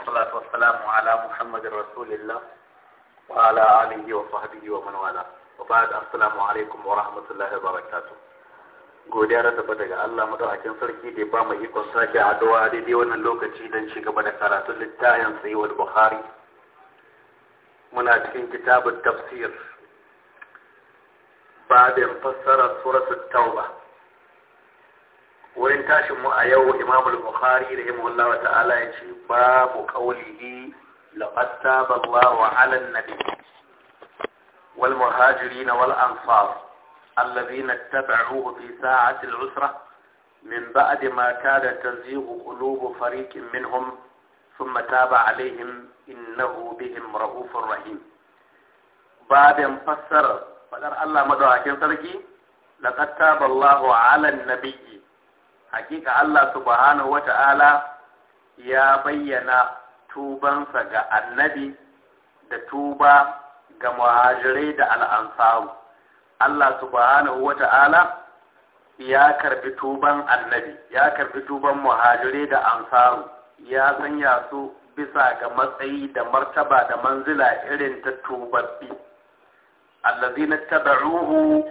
والصلاة والسلام على محمد رسول الله وعلى آله وصحبه ومن والاه وبعد السلام alaikum wa rahmatullahi wa barakatuh godiya da tabbata ga Allah madaukakin sarki da ba mu ikon sake addu'a daidai wannan lokaci don ci gaba da karatun littafin Sahih Bukhari muna cikin kitabun tafsir babin fassara suratul Tauba wurin tashin mu a yau imam al-bukhari rahimahullahu ta'ala ya ce babu qawlihi laqad taba Allahu 'ala an-nabi wal muhajirin wal ansar الذين اتبعوه في ساعة العسرة من بعد ما كاد تزيغ قلوب فريق منهم ثم تاب عليهم إنه بهم رؤوف رحيم بعد فسر فقال الله مدعاك تركي لقد تاب الله على النبي hakika Allah subhanahu wata'ala ya bayyana tubansa ga annabi da tuba ga muhajirai da al'ansaru Allah subhanahu wata'ala ya karbi tuban annabi ya karbi tuban muhajirai da ansaru ya sanya su bisa ga matsayi da martaba da manzila irin ta tubabbi allazina taba'uhu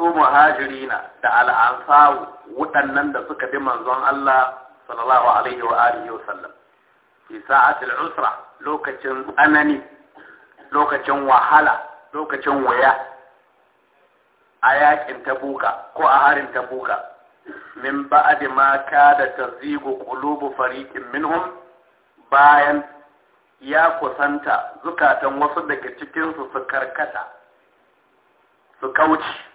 su muhajirina da al'ansaru waɗannan da suka bi manzon Allah sallallahu alaihi wa alihi wa sallam fi sa'atil usra lokacin tsanani lokacin wahala lokacin waya a yakin tabuka ko a harin tabuka min ba'di ma kada tazigu qulubu fariqin minhum bayan ya kusanta zukatan wasu daga cikin su su karkata su kauce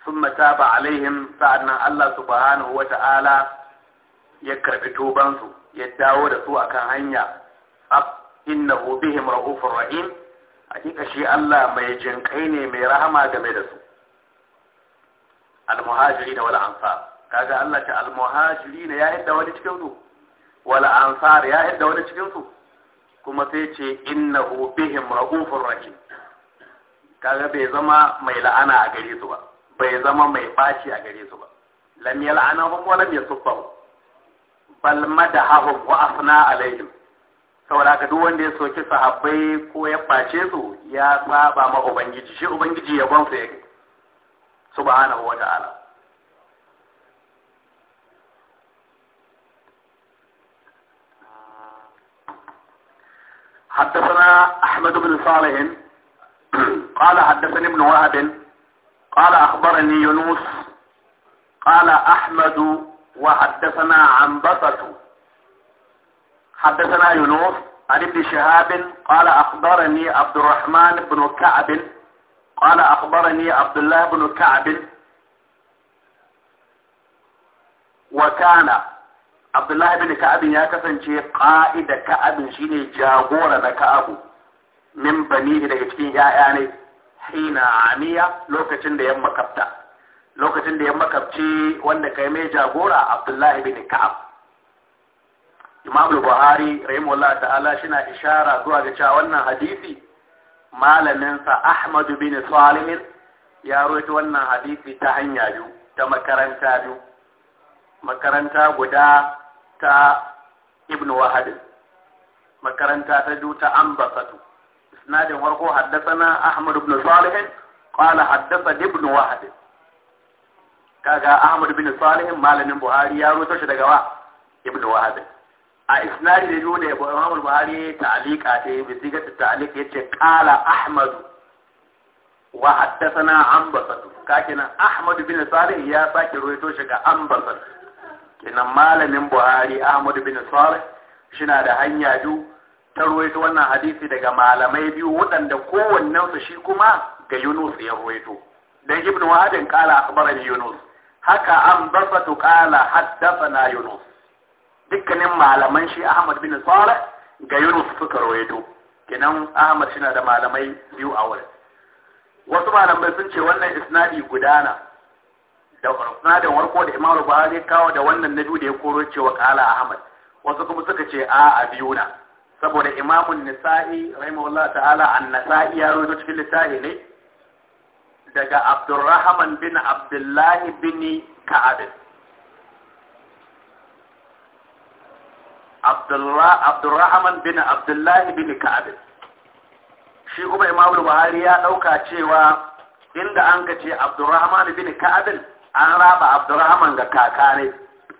ba ثم تاب عليهم سعدنا الله ya karɓi tubansu, ya dawo da su akan hanya innahu bihim raufur rahim hakika shi Allah mai jinkai ne mai rahama game da su al da wal ansar kaga Allah ta al-muhajirin ya yadda wani cikinsu? su wal ansar ya yadda wani cikinsu? kuma sai ce innahu bihim raufur rahim kaga bai zama mai la'ana a gare su ba bai zama mai baci a gare su ba lam yal'anahum wa lam yasuffahum bal madahahum wa afna alaihim saboda ka duk wanda ya soki sahabbai ko ya face su ya saba ma ubangiji shi ubangiji ya gonsa yake subhanahu wa ta'ala حدثنا أحمد بن صالح قال حدثني ابن وهب قال أخبرني يونس قال أحمد وحدثنا بطة حدثنا يونس عن ابن شهاب قال أخبرني عبد الرحمن بن كعب قال أخبرني عبد الله بن كعب وكان عبد الله بن كعب يا كفنشي قائد كعب شيني جاغور كعب من بنيه لكتين يا يعني hina Amiya lokacin da yamma kafta lokacin da yamma kafci wanda kai mai jagora abdullahi ibn ka'ab imam al-buhari rahimahullah ta'ala shina ishara zuwa ga cewa wannan hadisi malamin sa ahmad bin salim ya rawaito wannan hadisi ta hanya biyu ta makaranta biyu makaranta guda ta Ibn wahab makaranta ta biyu ta إسناد ورقو حدثنا أحمد بن صالح قال حدثني ابن واحد كاغا أحمد بن صالح مالن بخاري يا روتو شدغا ابن واحد a isnadi da biyu da ya bawa Imam Buhari ta'alika ta yi bisiga ta ta'alika yace qala wa haddathana an basad kakina Ahmad bin Salih ya sake ruwaito shi ga an basad kenan malamin Buhari Ahmad bin da hanya biyu ta ruwaito wannan hadisi daga malamai biyu waɗanda kowannen su shi kuma ga Yunus ya ruwaito dan Ibn Wadin qala akhbarani Yunus haka an basatu qala haddathana Yunus dukkanin malaman shi Ahmad bin Salih ga Yunus suka ruwaito kenan Ahmad shi da malamai biyu a wurin wasu malamai sun ce wannan isnadi gudana da sunadin warko da Imam Bukhari kawo da wannan na biyu da ya koro cewa kala Ahmad wasu kuma suka ce a a biyu na saboda imamun nisa'i rahimahullah ta'ala an nisa'i ya rozo cikin littafi ne daga abdurrahman bin abdullahi bin ka'ab abdurrahman bin abdullahi bin ka'ab shi kuma imamu buhari ya dauka cewa inda an ka ce abdurrahman bin ka'ab an raba abdurrahman ga kaka ne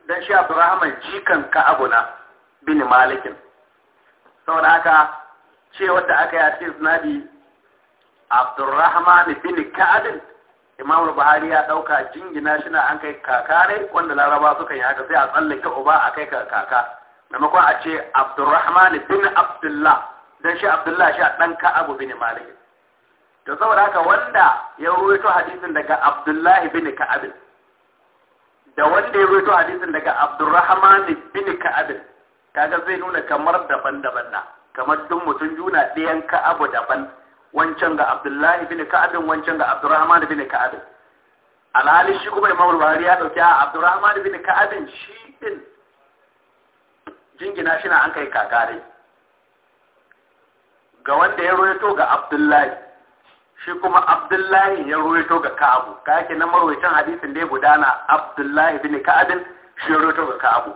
dan shi abdurrahman jikan ka'abuna bin malikin saboda haka ce wanda aka yi a cikin sinadi abdurrahman bin ka'adin imam buhari ya dauka jingina shi na an kai kaka ne wanda laraba suka yi haka sai a tsallake uba a kai kaka maimakon a ce abdurrahman bin abdullah dan shi abdullah shi a dan Ka'ab bin malik to saboda haka wanda ya ruwaito hadisin daga abdullahi bin ka'ab da wanda ya ruwaito hadisin daga abdurrahman bin ka'ab kaga zai nuna kamar daban-daban na kamar duk mutum juna ɗayan abu daban wancan ga abdullahi bin ka'abin wancan ga abdurrahman bin ka'abin alhali shi kuma imamul buhari ya dauki a abdurrahman bin ka'abin shi din jingina shi na an kai kakare ga wanda ya royato ga abdullahi shi kuma abdullahi ya royato ga ka'abu kake na marwaitan hadisin da ya gudana abdullahi bin ka'abin shi ya royato ga ka'abu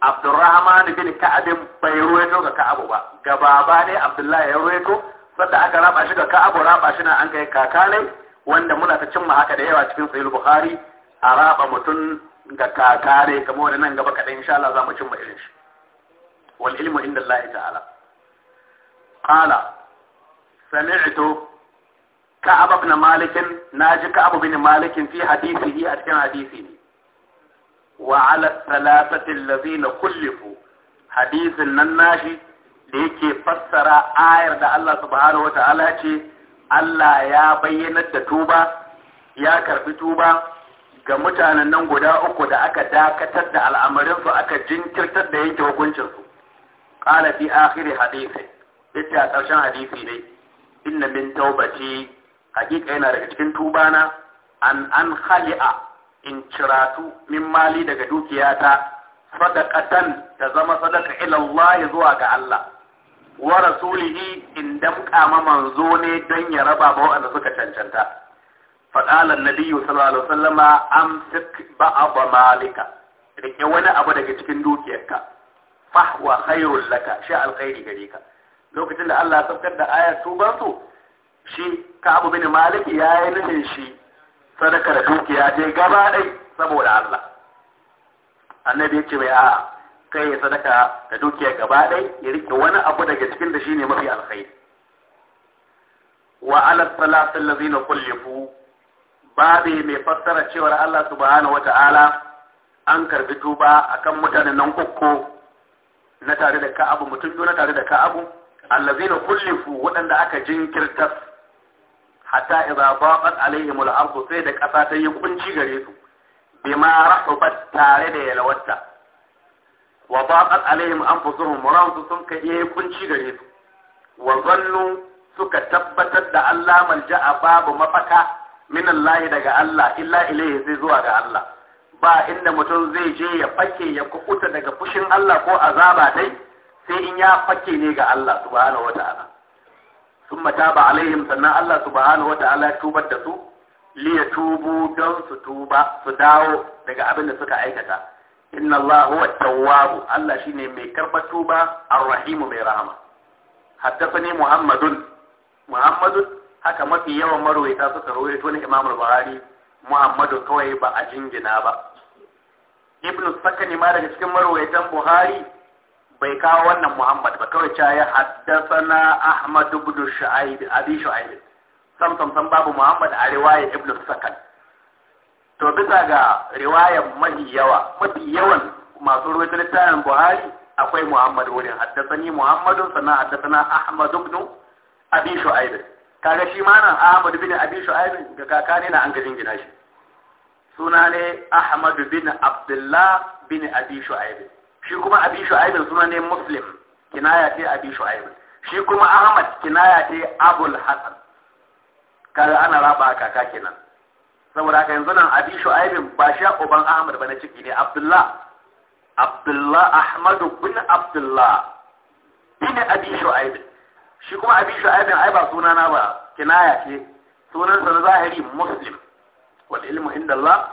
Abdurrahman bin Ka'ab bai ruwaito ga Ka'ab ba ga baba ne Abdullahi ya ruwaito sanda aka raba shi ga Ka'ab raba shi na an kai kakanai wanda muna ta cimma haka da yawa cikin Sahih Bukhari a raba mutum ga kakare kamar wanda nan gaba kaɗai insha Allah za mu cimma irin shi wal ilmu inda Allah ta'ala qala sami'tu Ka'ab ibn Malik naji Ka'ab ibn Malik fi hadisihi a cikin hadisi ne wa ala salafatin lazina kullifu hadisin nan nashi da yake fassara ayar da Allah subhanahu wa ta'ala ce Allah ya bayyanar da tuba ya karɓi tuba ga mutanen nan guda uku da aka dakatar da al'amarinsu aka jinkirtar da yanke hukuncinsu qala fi akhir hadisi yace hadisi ne inna ta'ubaci taubati yana daga cikin tubana an an khali'a in ciratu min mali daga dukiyata sadaqatan ta zama sadaka ila Allah zuwa ga Allah wa rasulihi in damƙa ma manzo ne don ya raba ba waɗanda suka cancanta qala nabiyyu sallallahu alaihi wasallama amsik ba'd malika rike wani abu daga cikin dukiyarka fahwa khairul laka sha alkhairi gare ka lokacin da Allah ya saukar da ayar tuban su shi ka abu bin malik yayin nufin shi sadaka da dukiya je gaba ɗai saboda Allah annabi ya ce mai a kai ya sadaka da dukiya gaba ɗai ya rike wani abu daga cikin da shine mafi alkhairi wa ala salatin lazina kullifu babe mai fassara cewar Allah subhanahu wa ta'ala an karbi tuba akan mutanen nan uku na tare da ka'abu mutum biyu na tare da ka'abu allazina kullifu waɗanda aka jinkirta hatta idza baqat alaihim al ard sai da kasa ta yi kunci gare su bima rahubat tare da yalwata wa baqat alaihim anfusuhum ransu sun ka yi kunci gare su wa zannu suka tabbatar da Allah malja'a babu mafaka min Allah daga Allah illa ilayhi sai zuwa ga Allah ba inda mutum zai je ya fake ya kukuta daga fushin Allah ko azaba dai sai in ya fake ne ga Allah subhanahu wata'ala sun mataba alaihim sannan Allah subhanahu wata'ala ya tubar da su liya tubu don su tuba su dawo daga abin da suka aikata inna Allah huwa tawwabu Allah shine mai karɓar tuba arrahimu mai rahama haddathani muhammadun muhammadun haka mafi yawan marwaita suka rawaito na imamul buhari muhammadu kawai ba a jingina ba ibnu sakani ma daga cikin marwaitan buhari bai kawo wannan Muhammad ba kawai cewa ya haddasana Ahmad ibn Shu'aib Abi Shu'aib sam sam sam babu Muhammad a riwaya Ibn Sakan to bisa ga riwaya mafi yawa mafi yawan masu rubuta littafin Buhari akwai Muhammad wurin haddasa ni Muhammad sannan haddasana Ahmad ibn Abi Shu'aib kaga shi ma nan Ahmad ibn Abi Shu'aib ga kaka ne na an gajin gina shi suna ne Ahmad bin Abdullah bin Abi Shu'aib shi kuma abi shu'aib suna ne muslim kinaya ce abi shu'aib shi kuma ahmad kinaya ce abul hasan kaga ana raba kaka kenan saboda haka yanzu nan abi shu'aib ba shi uban ahmad ba na ciki ne abdullah abdullah ahmad bin abdullah bin abi shu'aib shi kuma abi shu'aib ai ba sunana ba kinaya ce sunansa na zahiri muslim wal ilmu inda Allah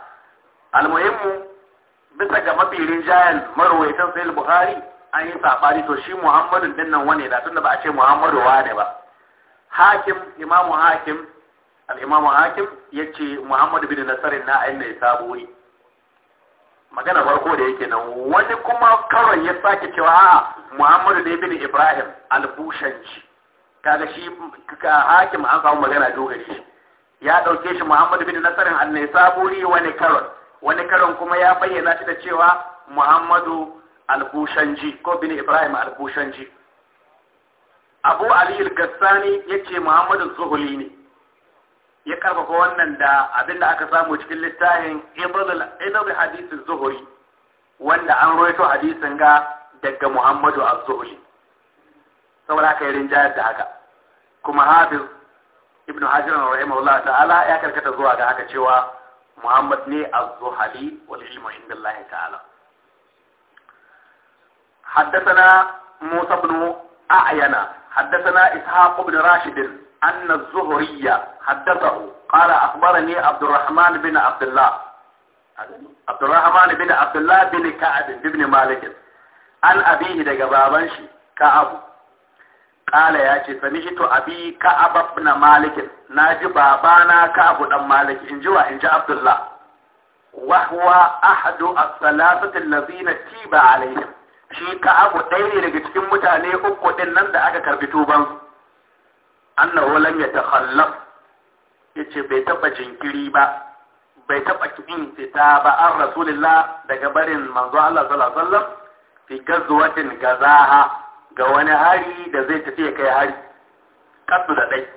al-muhimmu bisa ga mabirin jayan marwaitan sai bukhari an yi saɓani to shi muhammadun din nan wane da tunda ba a ce muhammadu ne ba hakim imamu hakim al-imamu hakim ya ce muhammadu bin nasarin na ayin da ya sabori magana farko da yake nan wani kuma kawai ya sake cewa a muhammadu ne bin ibrahim Al-bushanci. kaga shi hakim an samu magana dogari shi ya dauke shi muhammadu bin nasarin al-nisaburi wani karon wani karon kuma ya bayyana shi da cewa muhammadu albushanji ko bin ibrahim albushanji abu aliyu gassani ya ce muhammadu zuhuli ne ya karfafa wannan da abinda aka samu cikin littafin ibadul hadisin zuhuri wanda an roito hadisin ga daga muhammadu az-zuhri saboda aka yi rinjayar da haka kuma hafiz ibn hajar rahimahullah ta'ala ya karkata zuwa ga haka cewa محمد لي الزحلي والعلم عند الله تعالى حدثنا موسى بن أعينا حدثنا إسحاق بن راشد أن الزهري حدثه قال أخبرني عبد الرحمن بن عبد الله عبد الرحمن بن عبد الله بن كعب بن مالك عن أبيه دقبابنشي كعب Kala ya ce sami shi to abi ka'ab na malikin na ji babana ka'abu dan malik in ji wa in ji abdullah wa huwa ahadu as-salasati allazina tiba alaihim shi ka'abu ɗaya ne daga cikin mutane uku din nan da aka karbi tuban annahu lam yatakhallaf yace bai taba jinkiri ba bai taba kin fita ba an rasulullah daga barin manzo Allah sallallahu alaihi wasallam fi gazwatin gazaha ga wani hari da zai tafi ya kai hari kasu da ɗai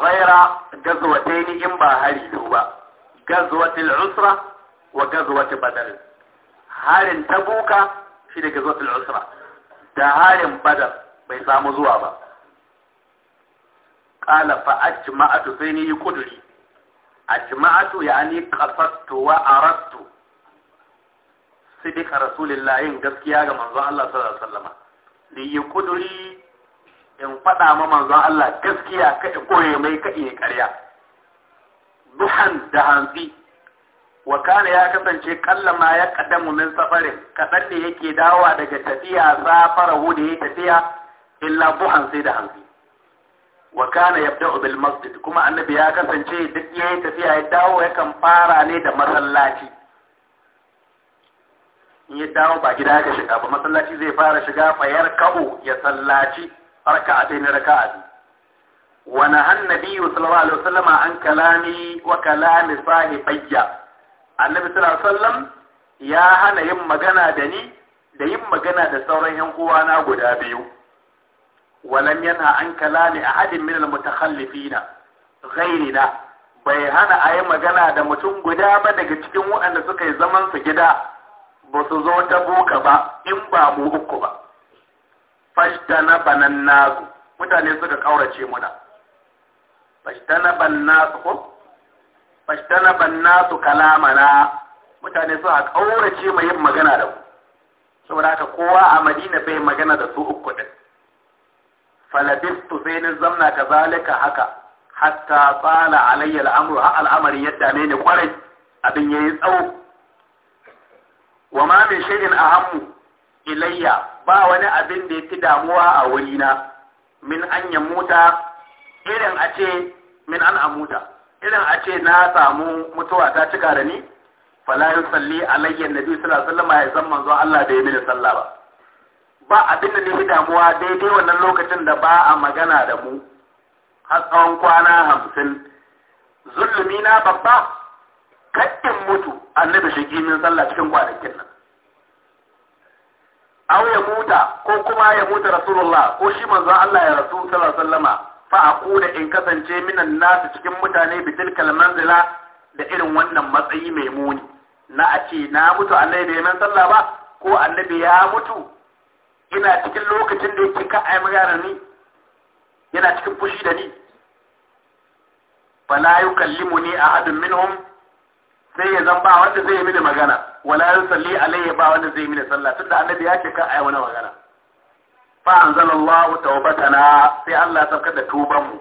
ghaira gazwataini in ba hari biyu ba gazwatul usra wa gazwatul badal harin tabuka shi da gazwatul usra da harin badal bai samu zuwa ba qala fa ajma'atu sai ni kuduri ajma'atu yani qasadtu wa aradtu sidika rasulillahi gaskiya ga manzo Allah sallallahu alaihi wasallam da yi kuduri in faɗa ma manzon Allah gaskiya ka koye mai ka iya ƙarya duhan da hanzi, wa kana ya kasance kalla ma ya ƙaddamu min safarin kaɗan da yake dawowa daga tafiya za fara da ya tafiya illa duhan sai da hanzi. wa kana fita bil masjid kuma annabi ya kasance duk yi tafiya ya dawo yakan fara ne da masallaci in ya dawo ba gida ya shiga ba masallaci zai fara shiga fayar kabo ya sallaci raka'a ɗaya na raka'a biyu wa nahan nabiyyu sallallahu alaihi wasallam an kalami wa kalami sahibayya annabi sallallahu alaihi wasallam ya hana yin magana da ni da yin magana da sauran yan uwana guda biyu an ينهى عن كلام أحد من المتخلفين غيرنا bai hana a yi magana da mutum guda ba daga cikin waɗanda suka yi zaman su gida ba su zo ta boka ba in ba mu uku ba fashtana banan nasu mutane suka kaurace muna fashtana ban nasu ko fashtana ban nasu kalamana mutane suka kaurace mai yin magana da ku saboda haka kowa a madina bai magana da su uku din falabistu sai ni zamna zalika haka hatta tsala alayya al'amru al'amari yadda ne ni kwarai abin yayi tsawo wa ma min shay'in ahammu ilayya ba wani abin da yake damuwa a wurina min an muta irin a ce min an amuta irin a ce na samu mutuwa ta cika da ni fala yusalli alayya nabi sallallahu alaihi wasallam Allah da ya mini sallah ba ba abin da yake damuwa daidai wannan lokacin da ba a magana da mu har tsawon kwana hamsin zulumi na babba Kaɗin mutu annabi shi min sallah cikin kwanakin nan aw ya muta ko kuma ya muta rasulullah ko shi manzo Allah ya rasu sallallahu alaihi wasallama fa aqulu in kasance minan nas cikin mutane bi tilkal manzila da irin wannan matsayi mai muni na a ce na mutu annabi bai man sallah ba ko annabi ya mutu ina cikin lokacin da yake ka ai magana ni yana cikin fushi da ni fala yukallimuni ahadun minhum sai ya zan ba wanda zai yi mini magana wala salli alayhi ba wanda zai yi mini sallah tunda annabi ya ce kan ayi wani magana fa anzalallahu tawbatana sai Allah ya saukar da tuban mu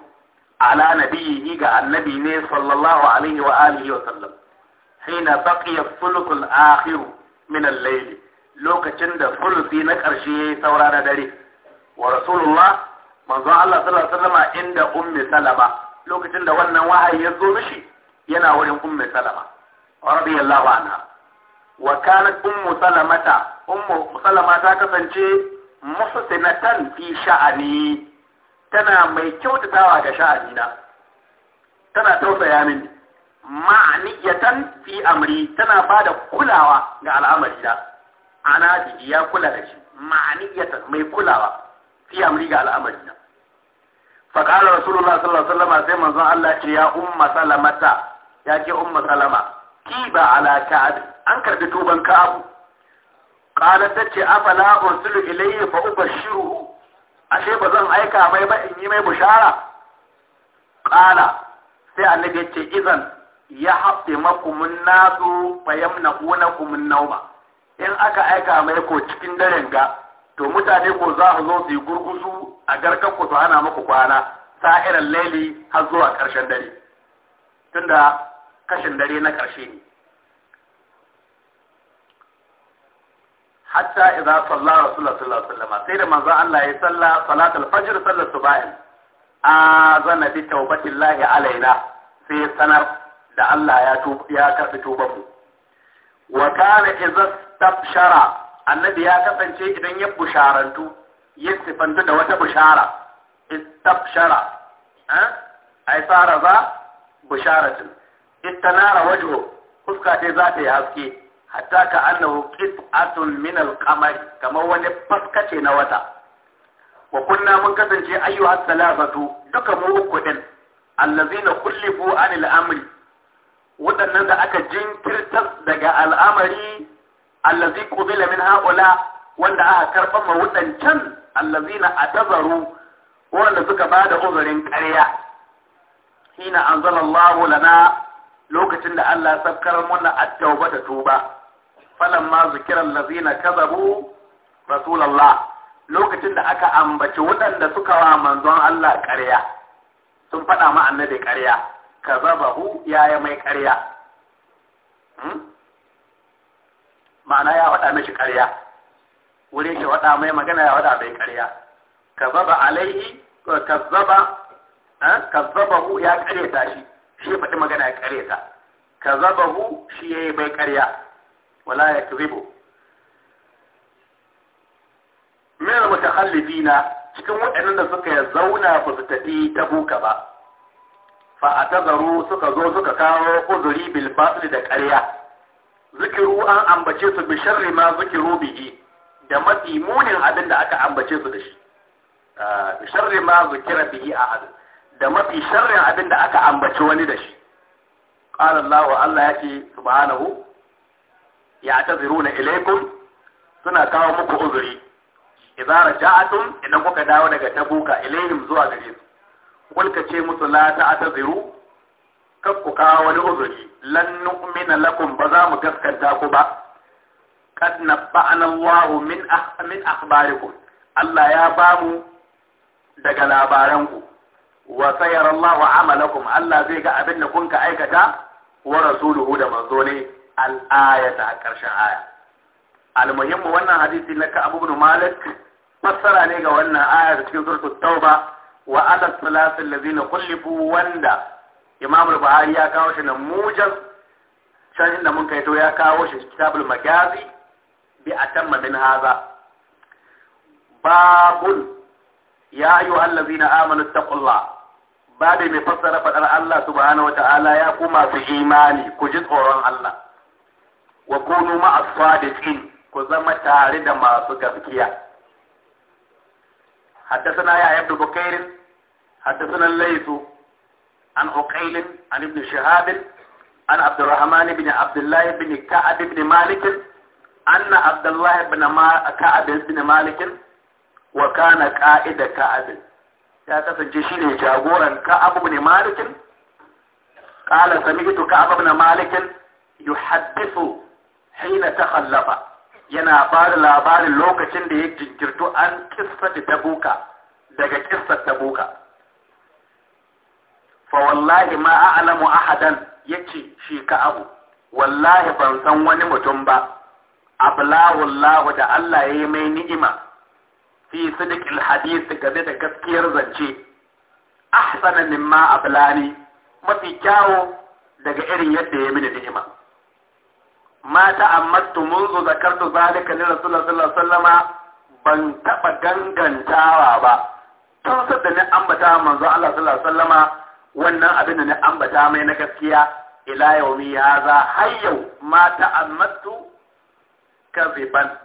ala nabiyyi ga annabi ne sallallahu alaihi wa alihi wa sallam hina baqiya thuluthul akhir min al-layl lokacin da thuluthi na karshe saura da dare wa rasulullah manzo Allah sallallahu alaihi wa sallama inda ummi salama lokacin da wannan wahayi ya zo mishi yana wurin ummi salama radiyallahu anha wa kanat ummu salamata ummu salama ta kasance muhsinatan fi sha'ani tana mai kyautatawa ga Sha'ani na. tana tausaya min. ma'aniyatan fi amri tana bada kulawa ga al'amari da ana ya kula da shi ma'aniyatan mai kulawa fi amri ga al'amari da faqala rasulullah sallallahu alaihi wasallam sai manzon Allah ce ya umma salamata ya ce umma salama tiba ala ka'ab an karbi tuban ka'ab qala tace afala ursulu ilayhi fa ubashiruhu ashe ba zan aika mai ba in yi mai bushara qala sai annabi yace idan ya haɓe makumin nasu bayan na kuna kumin nauma in aka aika mai ko cikin daren ga to mutane ko za su zo su yi gurgusu a garkan ku su hana maku kwana sa'irar laili har zuwa ƙarshen dare tunda kashin dare na ƙarshe ne hatta idza salla rasulullah sallallahu alaihi wasallam sai da manzo Allah ya salla salatul fajr sallar subahin azana bi tawbatillahi alaina sai sanar da Allah ya tuba ya karbi tuban mu wa kana idza tabshara annabi ya kasance idan ya busharantu ya sifanta da wata bushara istabshara eh ay fara za busharatin istanara wajhu fuska dai za ta yi haske hatta ka annahu qit'atun min al-qamari kamar wani faskace na wata wa kunna mun kasance ayyuha salabatu duka mu uku din allazina kullifu anil amri waɗannan da aka jinkirta daga al'amari allazi qubila min haula wanda aka karɓa ma waɗancan allazina atazaru wanda suka bada uzurin ƙarya hina anzalallahu lana lokacin da Allah ya sabkar mana at da tuba ma zikira allazina kazabu rasulullah lokacin da aka ambaci waɗanda suka wa manzon Allah ƙarya sun faɗa ma annabi ƙarya kazabahu yaya mai ƙarya hmm? ma'ana ya faɗa mishi ƙarya wurin shi faɗa mai magana ya faɗa mai ƙarya kazaba alaihi kazzaba eh, kazzabahu ya ƙareta shi shi ya faɗi magana ya ƙare ta ka zabahu shi ya yi bai ƙarya wala ya yakzibu min al-mutakhallidina cikin waɗannan da suka zauna ba su tafi buka ba fa atazaru suka zo suka kawo uzuri bil batil da ƙarya zikiru an ambace su bi sharri ma zikiru bihi da mafi munin abin da aka ambace su da shi ah, bi sharri ma zikira bihi hadin da mafi sharrin abin da aka ambaci wani da shi qala Allah Allah yake subhanahu ya'taziruna ilaykum suna kawo muku uzuri idza raja'atum idan kuka dawo daga tabuka ilayhim zuwa gare su kulka ce musu la ta'taziru kar ku kawo wani uzuri lan nu'mina lakum ba za mu gaskanta ku ba qad nabba'ana Allahu min ah, min akhbarikum Allah ya ba mu daga labaran ku wa sayar Allah wa amalakum Allah zai ga abin da kun ka aikata wa rasuluhu da manzo ne al-ayata a ƙarshen aya al-muhimmu wannan hadisi na ka Abu Malik fassara ne ga wannan aya da cikin suratul Tauba wa ala salati allazina kullifu wanda Imam bukhari ya kawo shi nan mujaz can inda mun kai to ya kawo shi kitabul magazi bi atamma min haza babun ya ayyuhallazina amanu taqullaha babu mai fassara faɗar Allah subhanahu wata'ala ya ku masu imani ku ji tsoron Allah wa kunu ma'as sadiqin ku zama tare da masu gaskiya حدثنا يا ابن بكير حدثنا الليث عن عقيل عن ابن شهاب an عبد الرحمن بن عبد الله بن كعب بن مالك أن عبد الله بن كعب بن مالك وكان قائد كعب ya kasance shi ne jagoran ka'ab ibn malik qala sami'tu ka'ab ibn malik yuhaddithu hina takhallafa yana ba da labarin lokacin da ya jinkirtu an kissa da tabuka daga kissar tabuka fa wallahi ma a'lamu ahadan yace shi ka'abu wallahi ban san wani mutum ba ablahu Allah da Allah ya yi mai ni'ima fi sidiqil hadith game da gaskiyar zance ahsana mimma ablani mafi kyawo daga irin yadda ya mini ni'ima ma ammatu munzu zakartu zalika li rasulullahi sallallahu alaihi wasallama ban taba gangantawa ba tun da ni ambata manzo Allah sallallahu alaihi wasallama wannan abin da ambata mai na gaskiya ila yaumi hadha har yau ma ta'ammattu kaziban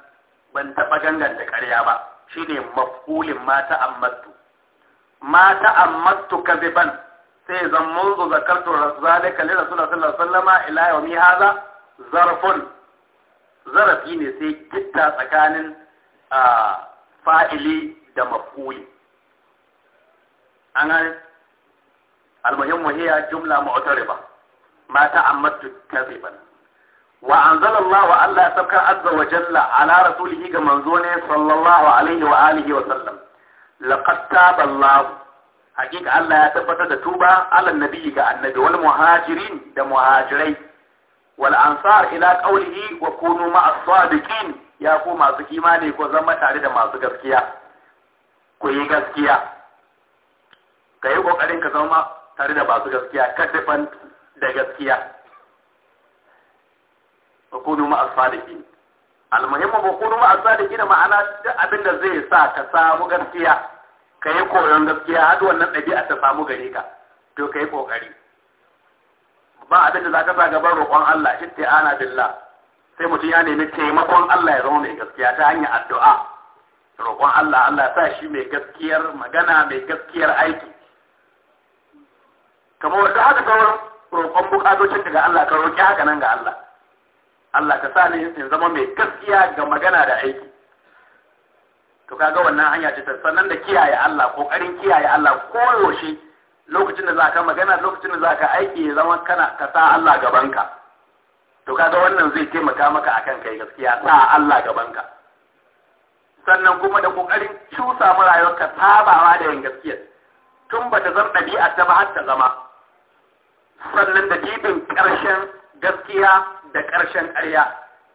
ban taba ganganta ƙarya ba shine maf'ulin mata ta'ammattu ma ta'ammattu kadiban sai zan munzu zakartu zalika li rasulullah sallallahu alaihi wasallama ila yawmi hadha zarfun zarafi ne sai gitta tsakanin fa'ili da maf'uli an gane almuhimmu hiya jumla mu'tariba ma ta'ammattu kadiban wa anzalallahu Allah ya saukar azza wa jalla ala rasulihi ga manzo ne sallallahu alaihi wa alihi wa sallam laqad taba Allah hakika Allah ya tabbatar da tuba ala nabi ga annabi wal muhajirin da muhajirai wal ansar ila qawlihi wa kunu ma'as sadiqin ya ku masu imani ko zama tare da masu gaskiya ku yi gaskiya ka yi kokarin ka zama tare da masu gaskiya ka da gaskiya fa kunu ma as-sadiqin ma'ana duk abin da zai sa ka samu gaskiya kai koyon gaskiya har wannan ɗabi'a ta samu gare ka to kai kokari ba abin da zaka sa gaban roƙon Allah ana billah sai mutum ya nemi taimakon Allah ya zama mai gaskiya ta hanyar addu'a roƙon Allah Allah sa shi mai gaskiyar magana mai gaskiyar aiki kamar wanda haka kawar roƙon bukatocin daga Allah ka roƙi haka nan ga Allah Allah ka sa ni in zama mai gaskiya ga magana da aiki to kaga wannan hanya ce ta sannan da kiyaye Allah kokarin kiyaye Allah koyaushe lokacin da za ka magana lokacin da za ka aiki ya zama kana ka sa Allah gabanka to kaga wannan zai taimaka maka akan kai gaskiya sa Allah gabanka sannan kuma da kokarin cusa mu rayuwarka sabawa da yin gaskiya tun ba ta zama ɗabi'a ta ba har ta zama sannan da jibin ƙarshen gaskiya da ƙarshen ƙarya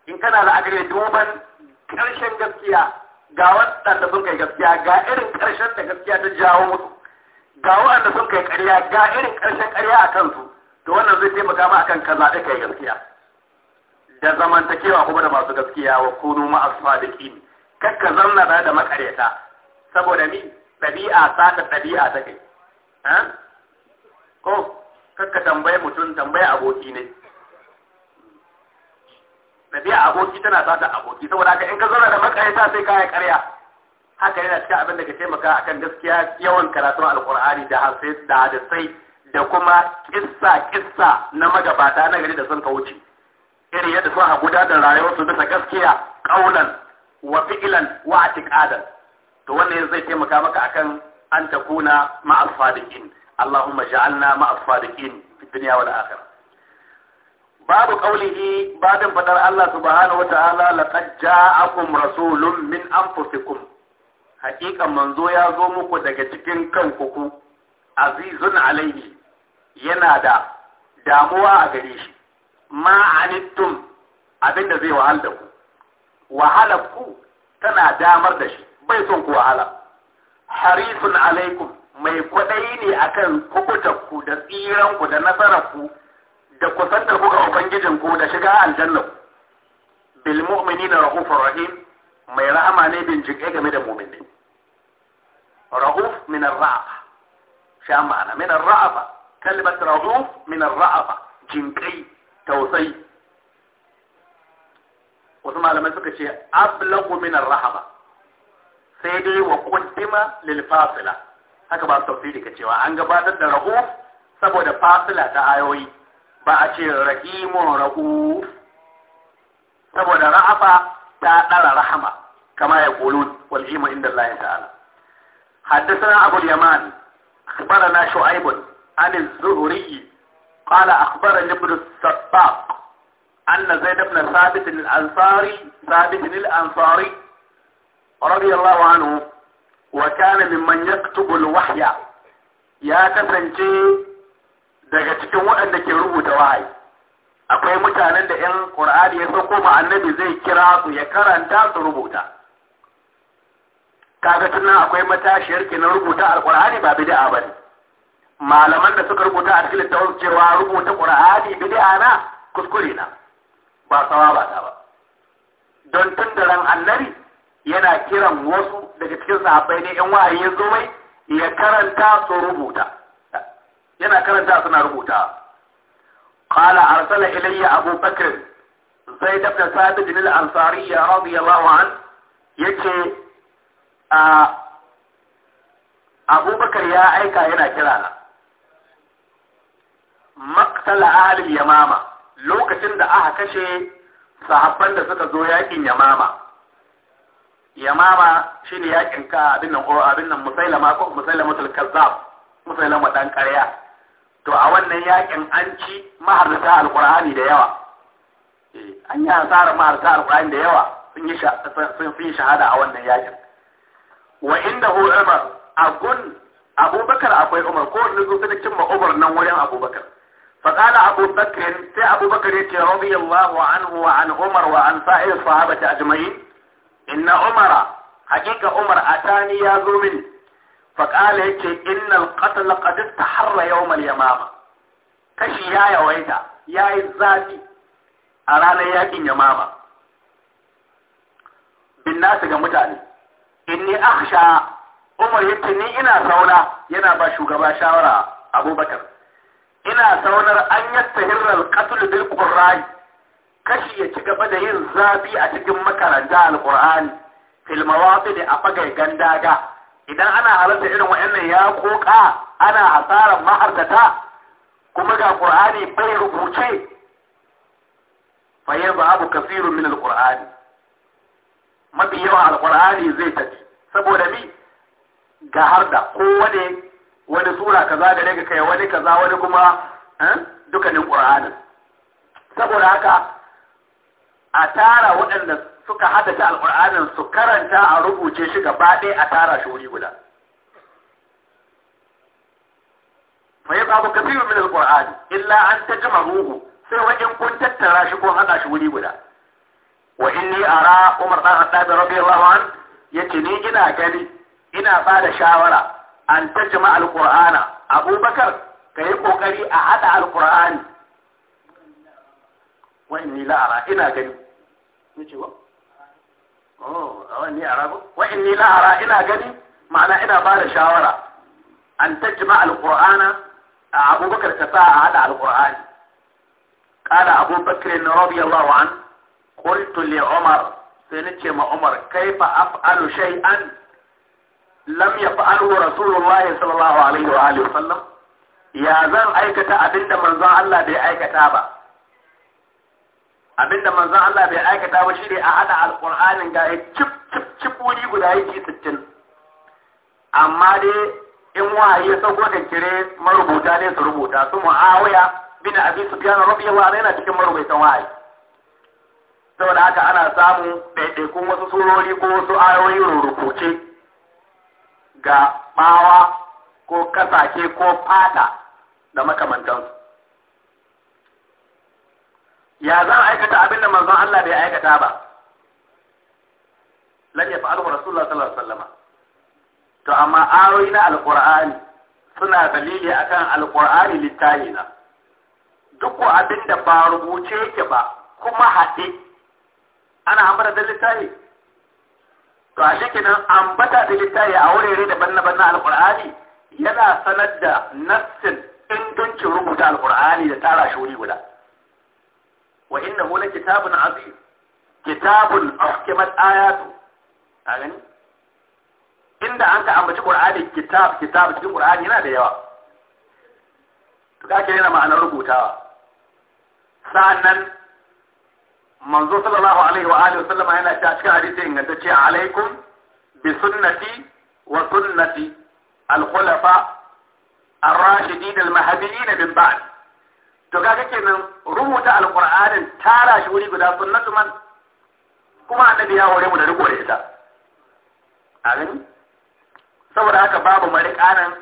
in kana la'akari duban ƙarshen gaskiya ga waɗanda sun kai gaskiya ga irin ƙarshen da gaskiya ta jawo musu ga waɗanda sun kai ƙarya ga irin ƙarshen ƙarya a kansu to wannan zai taimaka ma akan ka zaɓe kai gaskiya da zamantakewa kuma da masu gaskiya wa kunu ma'as sadiqin kakka zamna da maƙaryata saboda ni ɗabi'a sata ɗabi'a ta kai ko kakka tambaye mutum tambaye aboki ne ɗabi'a aboki tana sata aboki saboda haka in ka zauna da makayata sai kaya karya haka yana cikin abin da ka taimaka akan gaskiya yawan karatun alkur'ani da hasai da hadisai da kuma kissa kissa na magabata na gari da sun ka wuce irin yadda sun da gudanar rayuwarsu bisa gaskiya kaulan wa fi'ilan wa atiqadan to wannan zai taimaka maka akan an takuna ma'as sadiqin اللهم اجعلنا مع الصادقين في الدنيا والاخره babu qaulihi badan faɗar Allah subhanahu wataala laqad ja'akum rasulun min anfusikum haƙiƙa manzo ya zo muku daga cikin kanku ku azizun alaihi yana da damuwa a gare shi ma'anittum abinda zai wahal da ku wahalar ku tana damar da shi bai son ku wahala harisun alaikum mai kwaɗayi ne akan kubutar ku da tsiran ku da nasarar ku da kusan da ga ubangijin ku da shiga aljanna bil mu'minina rahufur rahim mai rahama ne bincike game da mu'mini rahuf min ar-ra'fa shi ma'ana min ra'afa, rafa kalmat rahuf min ar jinkai tausayi wasu malamai suka ce ablagu min ar-rahaba sai dai wa qaddima lil fasila haka ba su tafsiri ka cewa an gabatar da rahuf saboda fasila ta ayoyi ba a ce rahimun ra'uf saboda ra'afa ta ɗara rahama kama ya kulun wal inda Allah ta'ala حدثنا أبو اليمان أخبرنا شعيب عن الزهري قال أخبرني ابن السباق أن زيد بن ثابت الأنصاري ثابت الأنصاري رضي الله عنه وكان ممن يكتب الوحي يا كسنجي daga cikin waɗanda ke rubuta wahayi akwai mutanen da 'yan ƙur'ani ya sauko ma annabi zai kira su ya karanta su rubuta kaga tunan akwai matashiyar ke na rubuta alƙur'ani ba ba ne, malaman da suka rubuta a cikin littafin cewa rubuta ƙur'ani bida'a na kuskure na ba ba ta ba don tun da ran annabi yana kiran wasu daga cikin sahabbai ne in wahayi ya zo mai ya karanta su rubuta yana karanta suna rubuta qala arsala ilayya abu bakr zaid ibn sabit bin al-ansari radiyallahu an yace a abubakar ya aika yana kira na Maktala ahli yamama lokacin da aka kashe sahabban da suka zo yakin yamama yamama shine yakin ka abin nan abin nan musailama ko musailamatul kazzab musailama dan ƙarya to a wannan yakin an ci maharta alqur'ani da yawa eh an yi asarar maharta alqur'ani da yawa sun yi shahada a wannan yakin wa inda hu umar akun abubakar akwai umar ko wanda zuwa da cimma umar nan wurin abubakar فقال أبو بكر سي أبو بكر رضي الله عنه وعن عمر وعن سائر الصحابة أجمعين إن عمر حقيقة عمر أتاني يا زومني faƙala yake innal qatl qad taharra yawm al yamama kashi ya yawaita ya yi zafi a ranar yakin yamama bin nasu ga mutane In inni akhsha Umar yace ni ina sauna yana ba shugaba shawara Abubakar ina saunar an yastahirra hirar qatl bil qurra'i kashi ya ci gaba da yin zafi a cikin makaranta al-Qur'ani fil mawaqi a fagai gandaga idan ana halarta irin wa'annan ya koka ana hasarar ma'arkata kuma ga ƙur'ani bai rubuce ba abu kafirun min al ƙur'ani. mafi yawa al zai tafi saboda mi ga harda ko wani wani sura kaza gare ka kai wani kaza wani kuma eh, dukkanin ƙur'anin. saboda haka a tara waɗanda suka haddace alƙur'anin su karanta a rubuce shi gaba ɗaya a tara shi wuri guda fa yi babu kafiru min alƙur'ani illa an ta jima ruhu sai wajen kun tattara shi ko haɗa shi wuri guda wa inni ara umar dan hattabi radiyallahu ya ce ni ina gani ina ba da shawara an ta jima alƙur'ana abubakar ka yi ƙoƙari a haɗa alƙur'ani wa inni la'ara ina gani ni ce wa oh ni arabu wa inni la ara ina gani ma'ana ina ba da shawara an tajma alqur'ana abubakar ka sa a hada alqur'ani qala abubakar radiyallahu an qultu li umar sai nace ma umar kaifa af'alu shay'an lam yaf'alhu rasulullahi sallallahu alaihi wa alihi wasallam ya zan aikata abinda manzon Allah bai aikata ba abinda manzon Allah bai aikata ba ne a hada alqur'anin ga ya cip cip cip wuri guda yake sittin amma dai in wahayi ya sauko da kire marubuta ne su rubuta su muawiya bin abi sufyan radiyallahu anhu yana cikin marubutan wahayi saboda haka ana samu ɗaiɗaikun wasu surori ko wasu ayoyi rubuce ga 'bawa ko kasake ko fata da makamantansu ya zan aikata abin da manzon Allah bai aikata ba lan ya fa'alu rasulullahi sallallahu alaihi wasallam to amma ayoyi na alqur'ani suna dalili akan alqur'ani littahina duk abin da ba rubuce yake ba kuma haɗe ana ambata da littafi to a shi kenan ambata da littafi a wurare daban-daban na alqur'ani yana sanar da nassin ingancin rubuta alqur'ani da tara shi wuri guda wa innahu la kitabun azim kitabun ahkamat ayatu a gani inda an ka ambaci qur'ani kitab kitab cikin qur'ani yana da yawa to kake yana ma'anar rubutawa sa'annan manzo sallallahu alaihi wa alihi wasallam yana ta cikin hadisi ingantacce alaikum bi sunnati wa sunnati al-khulafa ar-rashidin al-mahdiyyin min ba'd to kaga kenan rubuta alqur'anin tara shi wuri guda sunnatu man kuma annabi ya hore mu da riko da ita a saboda haka babu nan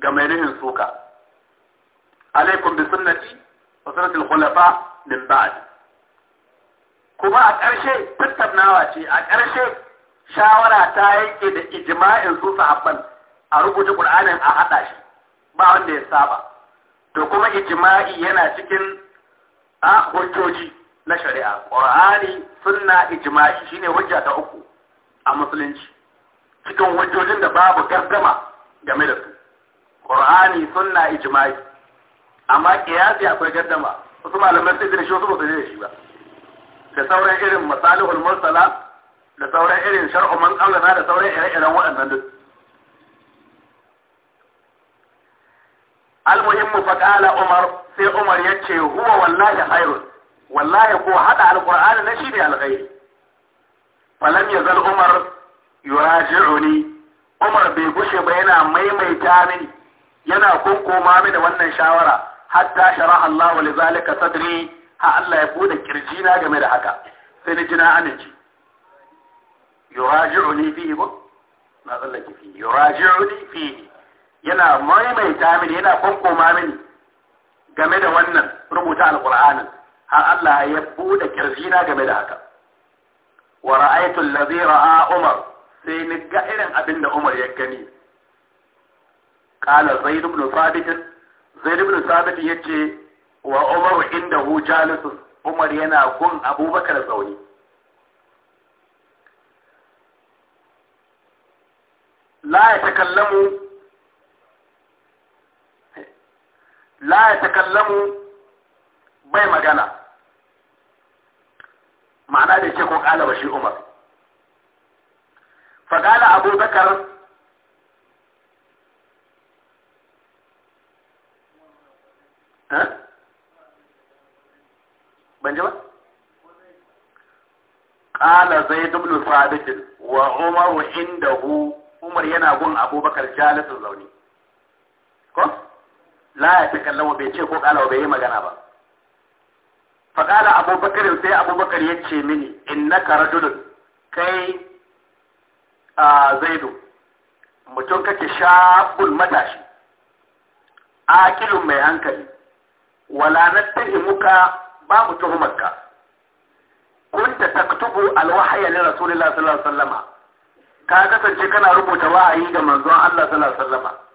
ga mai rihin suka alaikum bi sunnati wa sunnatul khulafa min ba'd kuma a ƙarshe tattaunawa ce a ƙarshe shawara ta yanke da ijma'in su sahabban a rubuta qur'anin a hada shi ba wanda ya saba to kuma ijma'i yana cikin a hujjoji na shari'a qur'ani sunna ijma'i shine hujja ta uku a musulunci cikin hujjojin da babu gardama game da su qur'ani sunna ijma'i amma kiyasi akwai gardama wasu malaman sai da shi wasu ba su da shi ba da sauran irin masalihul mursala da sauran irin shar'u man qawlana da sauran ire-iren waɗannan duk mu faƙala umar sai umar ya ce huwa wallahi khairun wallahi ko haɗa alƙur'ani na shi ne alkhairi falam ya zal umar yuraji'uni umar bai gushe ba yana maimaita mini yana kunkoma mini wannan shawara hatta sharaha Allah li zalika sadri ha Allah ya bude na game da haka sai ni jina aminci yuraji'uni fihi ba na tsallake fihi yuraji'uni fihi yana maimaita mini yana kwankoma mini game da wannan rubuta alƙur'anin har Allah ya buɗe kirjina game da haka wa ra'aytu allazi ra'a umar sai ni ga irin abin da umar ya gani qala zaid ibn sabit zaid ibn sabit yace wa umar indahu jalisun umar yana kun abubakar zauni la ya takallamu la ya takallamu bai magana ma'ana da ce ko kala ba shi umar faƙala abu bakar eh? ban ji ba ƙala zai dublu sabitin wa umaru inda hu umar yana gun abubakar jalisun zaune la ya ta kallon bai ce ko kala bai yi magana ba fa kala abubakar sai abubakar ya ce mini innaka rajulun kai a zaidu mutum kake sha'ul matashi akilun mai hankali wala muka ba mu tuhumarka kunta taktubu alwahya li rasulillahi sallallahu alaihi wasallama ka kasance kana rubuta wa'ayi ga manzon Allah sallallahu alaihi wasallama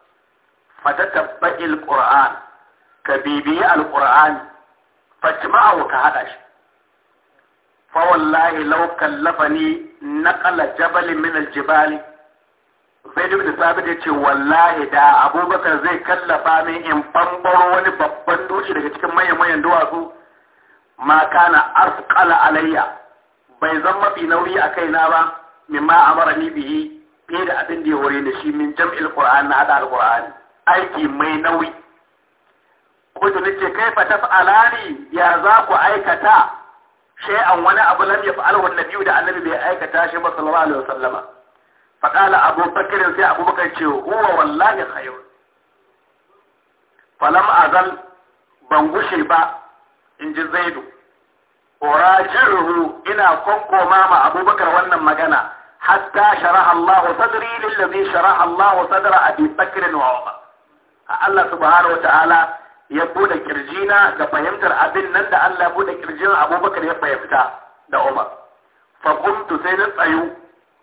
fatatabbai alquran ka bibiyi alqur'ani fatma'u ka hada shi fa wallahi law kallafani naqala jabal min aljibal sai duk da ya ce wallahi da abubakar zai kallafa min in bambaro wani babban dutse daga cikin manyan mayan duwatsu ma kana arqala alayya bai zan mafi nauyi a kaina ba mimma amara ni bihi fiye da abin da ya hore ni shi min jam'il qur'an na hada alqur'ani aiki mai nauyi kudu nace kai fa taf'alani ya za ku aikata an wani abu lam yaf'al wan nabiyyu da annabi bai aikata shi ba sallallahu alaihi wasallama fa qala abu bakr sai abu bakr ce huwa wallahi khayr falam azal ban gushe ba in ji zaidu urajiruhu ina konkoma ma abubakar wannan magana hatta sharaha Allahu sadri lillazi sharaha Allahu sadra abi bakr wa umar Allah subhanahu ta'ala ya bude kirjina ga fahimtar abin nan da Allah ya bude kirjina Abubakar ya fahimta da Umar fa sai na tsayu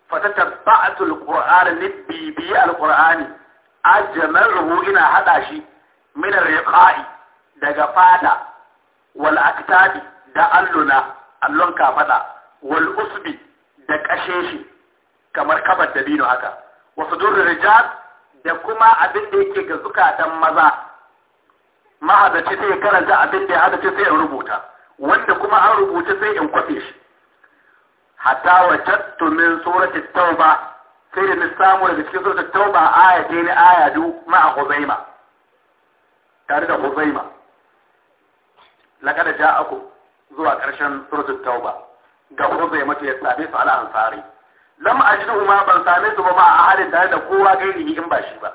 fa tatabba'tu al-Qur'an libbi al-Qur'ani ajma'uhu ina hada shi min riqai daga fada wal aktabi da alluna allon kafada wal usbi da kashe shi kamar kabar dabino haka wasu durri rijal da kuma abin da yake ga zukatan maza mahadaci sai karanta abin da ya hadace sai in rubuta wanda kuma an rubuta sai in kwafe shi hatta wa tattu min surati tauba sai da samu daga cikin surati tauba aya ta ni aya du ma a huzaima tare da huzaima laqad ja'akum zuwa ƙarshen surati tauba ga huzaima ta ya su ala ansari lam ajruhu ma ban same su ba ma a halin tare da kowa gairihi in ba shi ba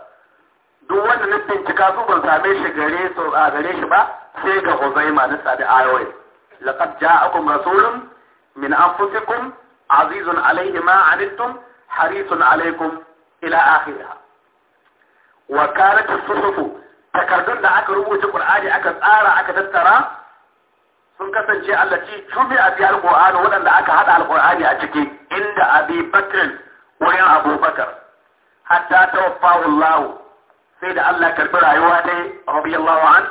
duk wanda na bincika su ban same shi gare su a gare shi ba sai ga Huzaima na sabi ayoyi laqad ja'akum rasulun min anfusikum azizun alayhi ma anittum harisun alaykum ila akhirha wa kanat as-suhuf takardun da aka rubuta Qur'ani aka tsara aka tattara sun kasance allati tumi a biyar qur'ani waɗanda aka hada Al-Qur'ani a ciki inda abi bakr wurin abubakar hatta tawaffahu allah sai da allah karɓi rayuwa dai radiyallahu an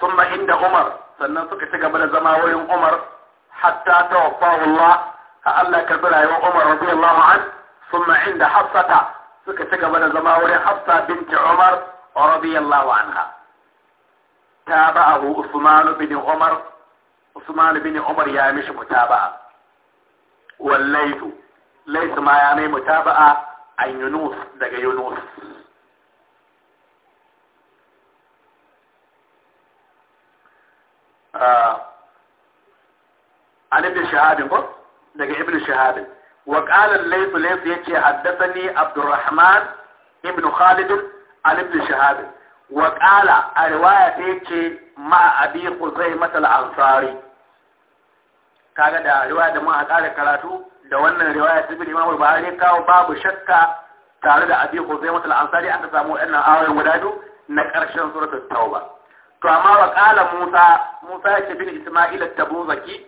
summa inda umar sannan suka ci gaba da zama wurin umar hatta tawaffahu allah ha allah karɓi rayuwa umar radiyallahu an summa inda hafsata suka ci gaba da zama wurin hafsa binti umar radiyallahu anha تابعه عثمان بن Umar? عثمان بن عمر يا مش متابعة والليث ليس ما يعني متابعة عن يونس دقى آه. عن ابن شهاب قص دقى ابن شهاب وقال الليث ليس يجي حدثني عبد الرحمن ابن خالد عن ابن شهاب وقال الرواية تيجي مع أبي قزيمة الأنصاري kaga da riwaya da mu a ƙara karatu da wannan riwaya ta bin Imam ya kawo babu shakka tare da Abi Huzaimah al-Ansari aka samu wannan ayoyin guda biyu na ƙarshen suratul Tauba to amma wa qala Musa Musa ce bin Isma'il at-Tabuzaki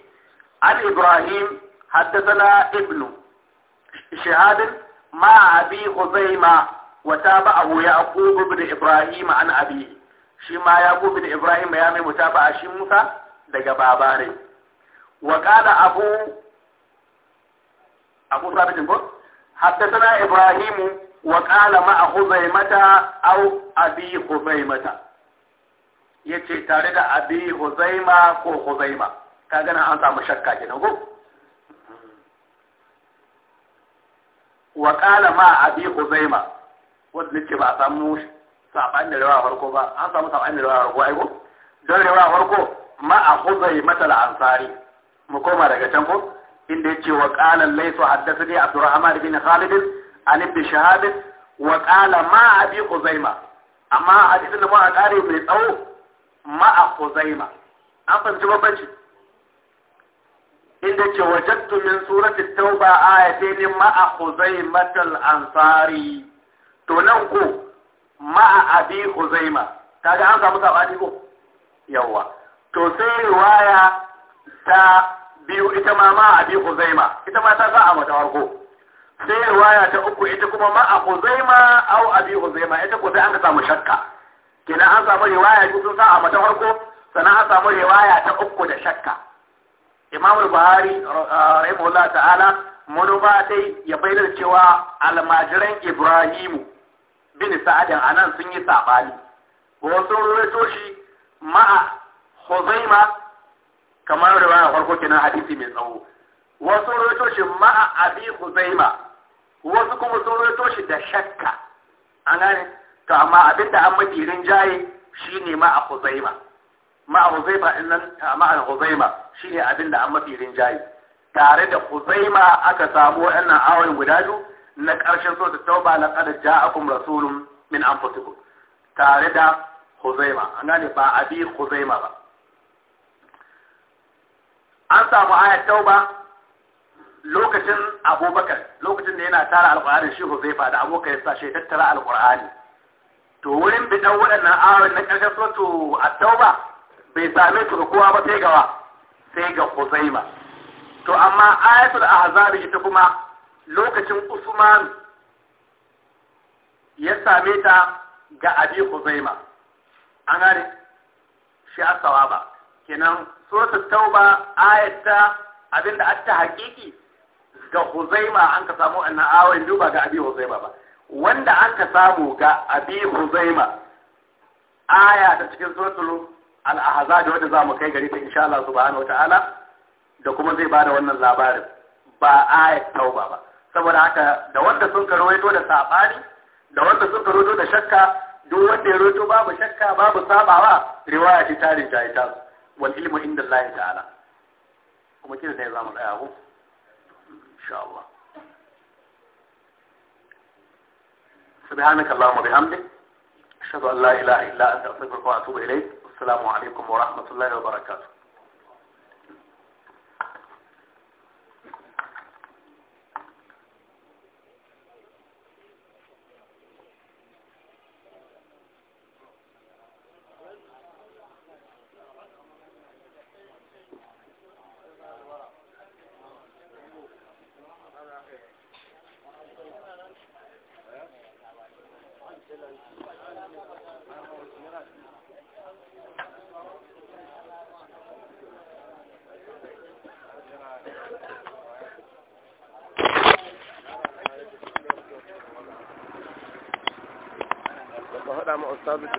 an Ibrahim haddathana ibnu shahadin ma Abi Huzaimah wa tabahu Yaqub ibn Ibrahim an abi shi ma Yaqub ibn Ibrahim ya mai a shi Musa daga babare wa qala abu abu sabit ko حدثنا إبراهيم وقال مع خزيمة أو أبي خزيمة yace tare da abi huzaima ko huzaima ka gana an samu shakka kenan ko wa qala ma abi huzaima wanda ce ba a samu saban da rawa farko ba an samu saban da rawa farko ai ko don rawa farko ma a huzaima tal ansari mu koma daga can ko inda yace wa qala laysa haddathani abdurrahman ibn khalid an ibn shahab wa qala ma abi quzaima amma hadithin da mu a kare mai tsawo ma a quzaima an fahimci babbanci inda ce wajattu min surati tauba ayatayn ma'a khuzaimatul ansari to nan ko ma'a abi khuzaima kaga an samu sabani ko yawa to sai riwaya ta biyu ita ma ma abi huzaima ita ma ta za a mata farko sai riwaya ta uku ita kuma ma a huzaima au abi huzaima ita ko sai an samu shakka Kina an samu riwaya biyu sun sa a mata farko sannan an samu riwaya ta uku da shakka imam al-buhari rahimahullah ta'ala manufa dai ya bayyana cewa almajiran ibrahimu bin sa'adin anan sun yi sabani wasu ruwaito shi ma'a huzaima kamar da riwaya farko kenan hadisi mai tsawo wasu rawaito shi a abi huzaima wasu kuma sun rawaito shi da shakka an gane to amma abinda an mafi rinjaye shine ma'a huzaima ma'a huzaima innan ma'a huzaima shine abinda an mafi rinjaye tare da huzaima aka samu wannan awon guda biyu na ƙarshen so ta tauba na ƙadar ja'akum rasulun min anfusikum tare da huzaima an gane ba abi huzaima ba an samu ayat tauba lokacin abubakar lokacin da yana tara alkur'ani shi huzaifa da abokai sa shi tattara alkur'ani to wurin bidan waɗannan ayoyin na ƙarshen sotu a tauba bai same su ga kowa ba sai gawa sai ga huzaima to amma ayatul ahzab ita kuma lokacin usman ya same ta ga abi huzaima an gane shi ba. kenan suratul tauba ayata abinda atta hakiki ga Huzaima an ka samu annan awai duba ga Abi Huzaima ba wanda an ka samu ga Abi Huzaima aya ta cikin suratul al-ahzab wanda mu kai gari ta insha Allah subhanahu wataala da kuma zai bada wannan labarin ba ayat tauba ba saboda haka da wanda sun karoito da sabani da wanda sun karoito da shakka duk wanda ya roto babu shakka babu sabawa riwaya ta tarin ta ita والعلم عند الله تعالى كما كده ده زمان الاهو ان شاء الله سبحانك اللهم وبحمدك اشهد ان لا اله الا انت استغفرك واتوب اليك السلام عليكم ورحمه الله وبركاته services